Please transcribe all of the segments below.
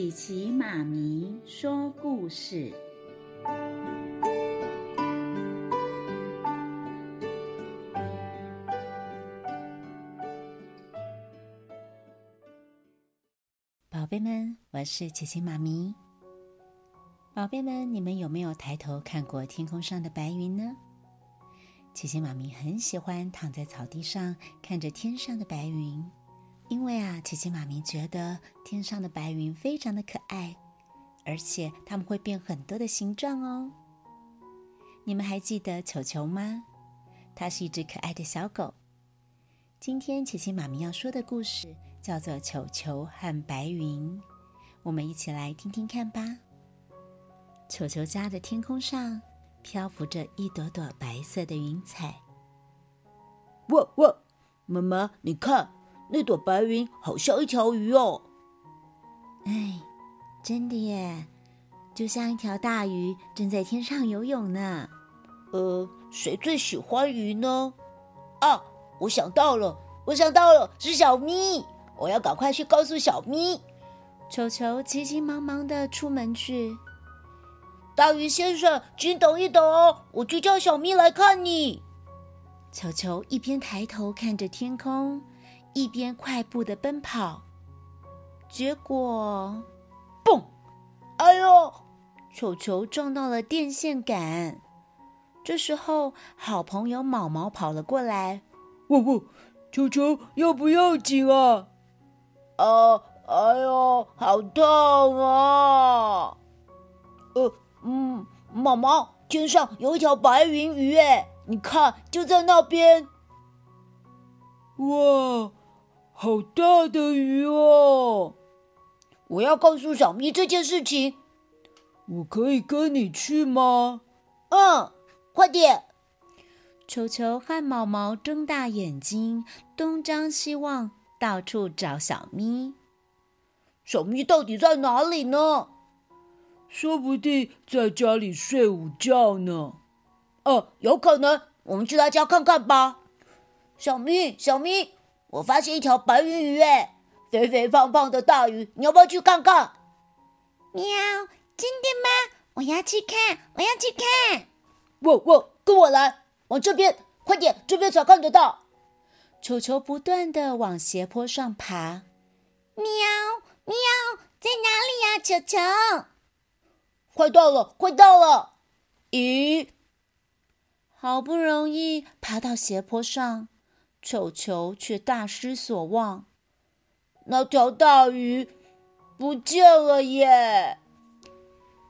琪琪媽咪說故事，寶貝們，我是琪琪媽咪。寶貝們，你們有沒有抬頭看過天空上的白雲呢？琪琪媽咪很喜歡躺在草地上看着天上的白雲。因為啊，琪琪媽咪覺得天上的白雲非常的可愛，而且它們會變很多的形狀哦。你們還記得球球嗎？它是一隻可愛的小狗。今天琪琪媽咪要說的故事叫做《球球和白雲》，我們一起來聽聽看吧。球球家的天空上漂浮着一朵朵白色的雲彩。哇哇，媽媽，你看！那朵白雲好像一條魚哦。哎，真的耶，就像一條大魚正在天上游泳呢。呃，誰最喜歡魚呢？啊，我想到了，我想到了，是小咪。我要趕快去告訴小咪。球球急急忙忙的出門去。大魚先生，請等一等哦，我去叫小咪來看你。球球一邊抬頭看着天空，一邊快步的奔跑，結果，蹦，哎呦！球球撞到了電線桿。這時候，好朋友毛毛跑了過來：“哇呼、哦，球球要不要緊啊？啊、呃，哎呦，好痛啊！呃，嗯，毛毛，天上有一條白雲魚，哎，你看，就在那邊，哇！”好大的魚哦！我要告訴小咪這件事情。我可以跟你去嗎？嗯，快點！球球和毛毛睜大眼睛，東張西望，到處找小咪。小咪到底在哪裡呢？說不定在家裡睡午覺呢。哦、啊，有可能。我們去他家看看吧。小咪，小咪。我發現一條白雲魚，魚誒，誒，肥肥胖胖的大魚，你要不要去看看？喵，真的嗎？我要去看，我要去看。哇哇，跟我來，往這邊，快點，這邊才看得到。球球不斷地往斜坡上爬。喵喵，在哪裡呀，啊，球球？快到了，快到了。咦，好不容易爬到斜坡上，球球卻大失所望，那條大魚不見了耶！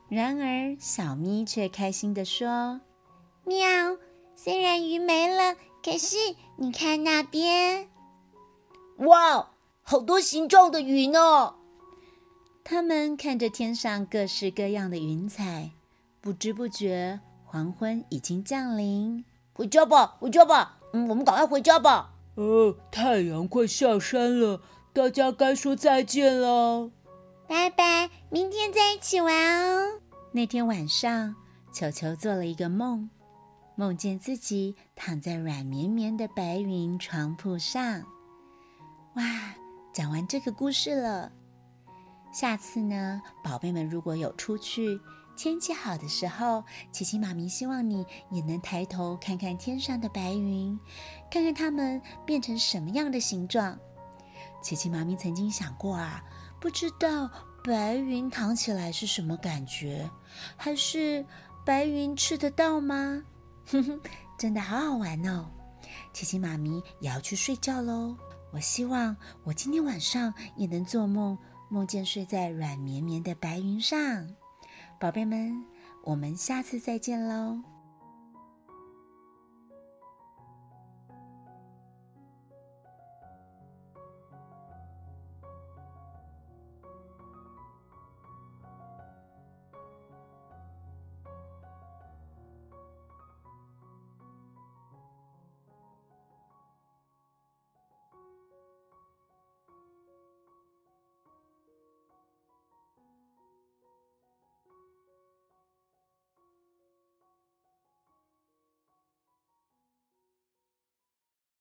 然而，小咪卻開心地說：“喵，雖然魚沒了，可是你看那邊，哇，好多形狀的雲哦！”他們看着天上各式各樣的雲彩，不知不覺，黃昏已經降臨。回家吧，回家吧。嗯，我們趕快回家吧。哦、呃，太陽快下山了，大家該說再見了。拜拜，明天再一起玩哦。那天晚上，球球做了一個夢，夢見自己躺在軟綿綿的白雲床鋪上。哇，講完這個故事了。下次呢，寶貝們如果有出去，天氣好的時候，琪琪媽咪希望你也能抬頭看看天上的白雲，看看它們變成什麼樣的形狀。琪琪媽咪曾經想過啊，不知道白雲躺起來是什麼感覺，還是白雲吃得到嗎？哼哼，真的好好玩哦！琪琪媽咪也要去睡覺嘍。我希望我今天晚上也能做夢，夢見睡在軟綿綿的白雲上。寶貝們，我們下次再見嘍。